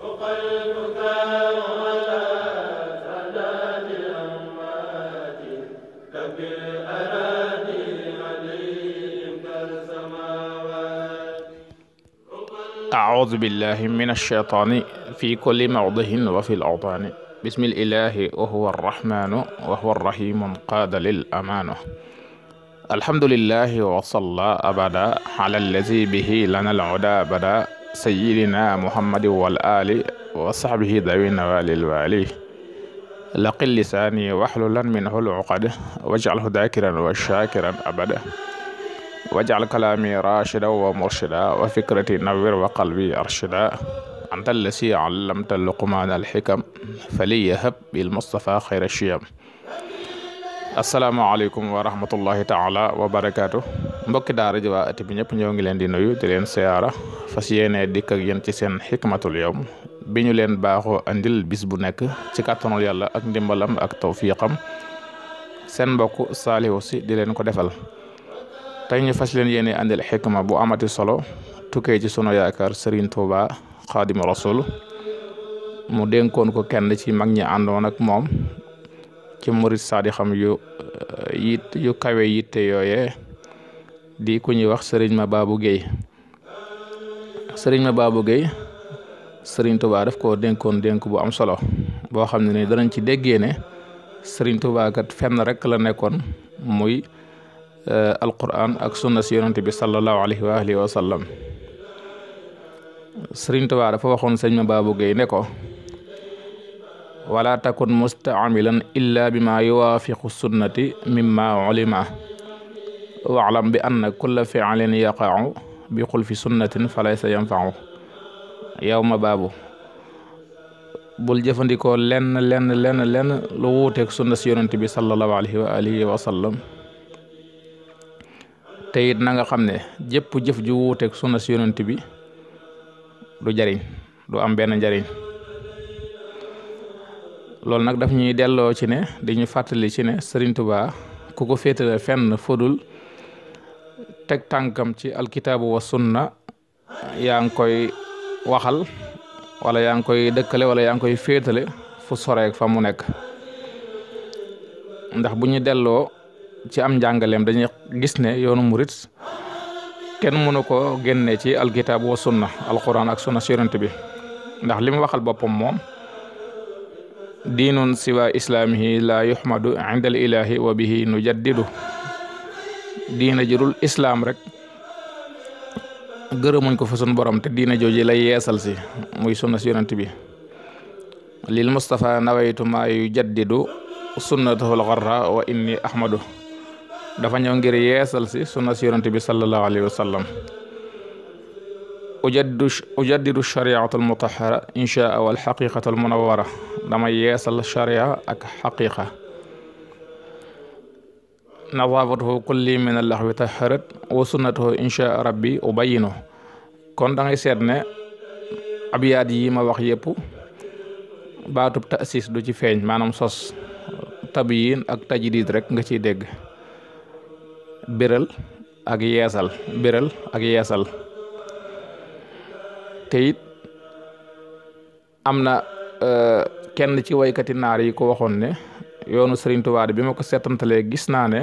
أعوذ بالله من الشيطان في كل موضع وفي الأوطان بسم الإله وهو الرحمن وهو الرحيم قاد للأمان الحمد لله وصلى أبدا على الذي به لنا العدا بدا sayyidina muhammadin wal ali wa sahbihi dawi nawalil wali laqil lisaani waxlulan minhu luqad wajcalhu daakiran wa shaakiran abada wajcal kalaami raashida wa murshida wa fikrati nawir wa qalbi arshida anta allasi allamta luqmaana alxikam faliyahab bilmustafa xayra shiyam asalaamaaleykum wa rahmatullahi taala wa barakaatu mbokki daara ji waa ati bi ñëpp ñoo ngi leen di nuyu leen siyaara fas yéenee dikk ak yéen ci seen xikmatul yawm bi ñu leen baaxoo andil bis bu nekk ci kàttanul yàlla ak ndimbalam ak tawfiqam seen mbokk saalihu di leen ko defal tey ñu fas leen yéene andil xikma bu amati solo tukkee ci sunu yaakaar Serigne Touba xaadimu rasul mu dénkoon ko kenn ci mag ñi àndoon ak moom ci murit saadi xam yu eh, yit yu kawe yitte yooye di ku ñuy wax sëriñ ma baabu géey sëriñ ma baabu géey sëriñ tubaa daf koo dénkoon dénk bu am solo boo xam ne ne danañ ci déggee ne sëriñ tubaa kat fenn rek la nekkoon muy eh, alquran ak sunna si yonante bi sallallahu alayhi wa alihi sëriñ tubaa dafa waxoon sëriñ ma baabu géey ne ko wala takun mustaamilan illa bima yuwaafiqu sunnati mimma ulima waalam bi anna kulla fi'lin yaqa'u bi xulfi sunnatin falaysa yanfa'u yow ma baabu bul jëfandikoo lenn lenn lenn lenn lu wuuteeg sunna si bi sallallahu alayhi wa alihi wa sallam xam ne jëpp jëf ju wuuteeg sunna si bi du jariñ du am benn njariñ loolu nag daf ñuy delloo ci ne dañu fàttali ci ne Serigne ku ko féetale fenn fudul teg tànkam ci alkitaabu wa sunna yaa ngi koy waxal wala yaa ngi koy dëkkale wala yaa ngi koy féetale fu soreek fa mu nekk ndax bu ñu delloo ci am njàngaleem dañuy gis ne yoonu murit kenn mënu ko génne ci alkitaabu wa sunna alquran ak sunna si bi ndax li mu waxal boppam moom diinun siwa islaamihi la yuhmadu indal ilahi wa bihi nu jaddidu diina jurul islaam rek gërëmuñ ko fa sun borom te diina jooji lay yeesal si muy sunna si bi lil mustapha nawaytu maa yu jaddidu sunnatahul xarra wa inni ahmadu dafa ñëw ngir yeesal si sunna si yonent bi sallallahu alayhi wa sallam ujaddidu shariata almutahara inchaa wal xaqiqata almunawara dama yeesal sharia ak xaqiqa nazaafatuhu kulli min allaxwi taharat wa sunnatuhu inchaa rabbi ubayinu kon da seet ne abiyaat yi ma wax yépp baatub tasis du ci feeñ maanaam sos tabiyin ak tajdid rek nga ci dégg biral ak yeesal biral ak yeesal te am na euh, kenn ci waykati naar yi ko waxoon ne yoonu Serigne Touba bi ma ko seetantalee gis naa ne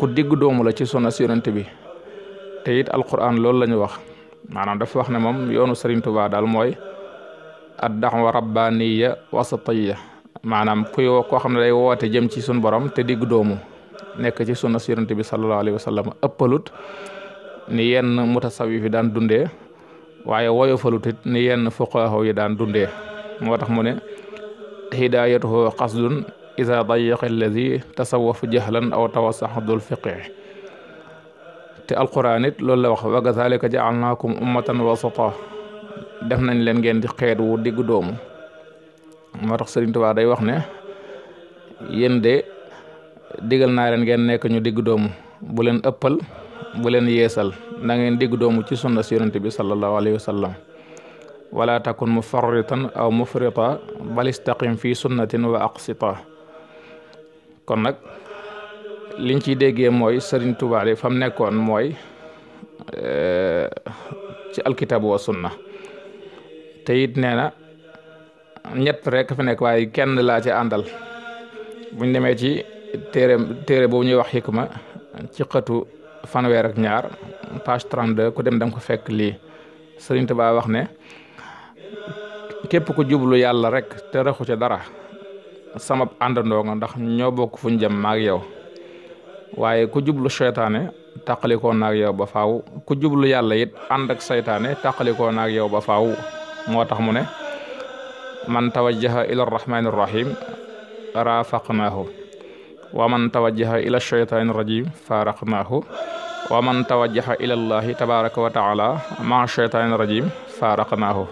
ku digg doomu la ci sunna si bi te it alquran loolu la ñu wax maanaam dafa wax ne moom yoonu Serigne Touba daal mooy dax wa ad da'wa rabbaniya ya maanaam kuy koo xam ne day woote jëm ci sun borom te diggu doomu nekk ci sunna si bi sallallahu alayhi wa sallam ëppalut ni yenn mutasawif yi daan dundee waaye woyofalut it ni yenn fuqaaho yi daan dundee moo tax mu ne daa hidaayatuhu qasdun isa dayiqa allazi tasawaf jahlan aw tawasax dul fiqih te alquran it loolu la wax wa kazalika jaalnaakum ummatan wasata def nañ leen ngeen di xeet wu diggu doomu moo tax Sëriñ Tuubaa day wax ne yéen de digal naa leen ngeen nekk ñu diggu doomu bu leen ëppal bu leen yeesal na ngeen digg doomu ci sunna si yonente bi sallallahu alayhi wa sallam wala takun mufarritan aw mufrita bal istaqim fi sunnatin wa aqsita kon nag liñ ciy déggee mooy Sëriñ Tuubaa de nekkoon mooy eh, ci alkitabu wa sunna te it nee na ñett rekk fi nekk waaye kenn laa ci àndal buñ demee ci téere téere boobu ñuy wax xikma ci xëtu fanweer ak ñaar page 32 ku dem da nga ko fekk lii Sëriñ Tuubaa wax ne képp ku jublu yàlla rek te raxu ca dara sama àndandoo nga ndax ñoo bokk fuñ ñu jëm maag yow waaye ku jublu seytaane tàqalikoo naag yow ba faaw ku jublu yàlla it ànd ak seytaane tàqalikoo naag yow ba faaw moo tax mu ne man tawajjaha ila arrahmani arrahim rafaqnaahu wa man tawajjaha ila sheytaani rajim faraqnaahu wa man tawajjaha ilallahi tabaraka wa taala ma cheytaani rajim faraqnaahu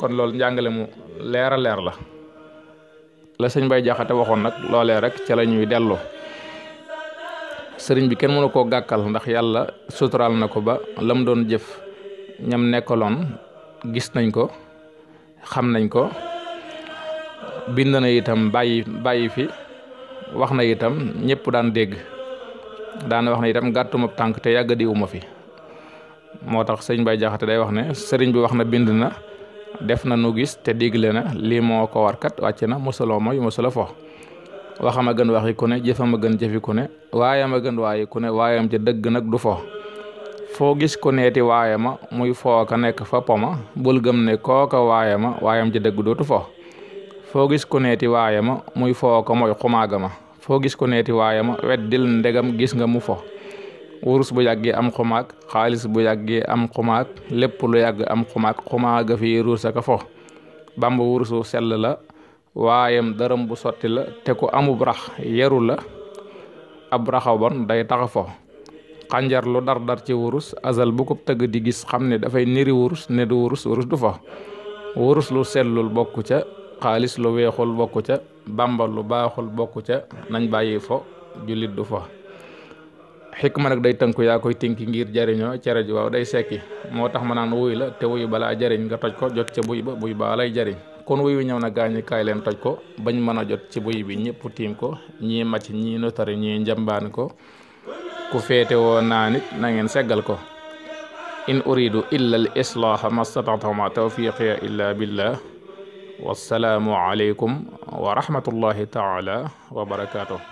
kon loolu njàngale mu leer leer la la sëñ bay jaxate waxoon nag loole rek ca la ñuy dellu sëriñ bi kenn mënu koo gàkkal ndax yàlla suturaal na ko ba lam doon jëf ñam nekkaloon gis nañ ko xam nañ ko bind na itam bàyyi fi wax na itam ñëpp daan dégg daana wax na itam gàttuma tànk te yàgg di fi moo tax sëñ Baye Jaxate day wax ne sëriñ bi wax na bind na def na nu gis te digle na lii moo ko warkat wàcc na mosaloo mooy mosala fo waxama gën waxi ku ne jëfama gën jëfi ku ne waayama gën waayi ku ne waayam ca dëgg nag du fo foo gis ku neeti waayama muy fooka nekk fa poma bul gëm ne kooka waayama waayam ca dëgg dootu fo foo gis ku neeti waayama muy fooka mooy xumaagama foo gis ko neeti waayama wet dil ndegam gis nga mu fo wurus bu yàggee am xumaag xaalis bu yàggee am xumaag lépp lu yàgg am xumaag xumaaga fi ruus ak fo bamba wurusu sell la waayam daram bu sotti la te ku amub rax yeru la ab raxa bon day taxa fo xànjar lu dar dar ci wurus azal bu ko tëgg di gis xam ne dafay niri wurus ne du wurus wurus du fo wurus lu sellul bokku ca xaalis lu weexul bokku ca bàmbal lu baaxul bokku ca nañ bàyyi fo jullit du fo ma nag day tënku yaa koy tinki ngir jariñoo cere ji waaw day sekki moo tax ma naan wuy la te wuy balaa jariñ nga toj ko jot ca buy ba buy baa lay jariñ kon wuy wi ñëw na gaañi kaay leen toj ko bañ mën a jot ci buy bi ñëpp tiim ko ñii màcc ñii notari ñii njambaan ko ku féete woo naa nit na seggal ko in uridu illa al islaaha ma stata'tu ma tawfiqiya illa billah wasalaamu aleykum wa rahmatullahi taala wa barakaatu.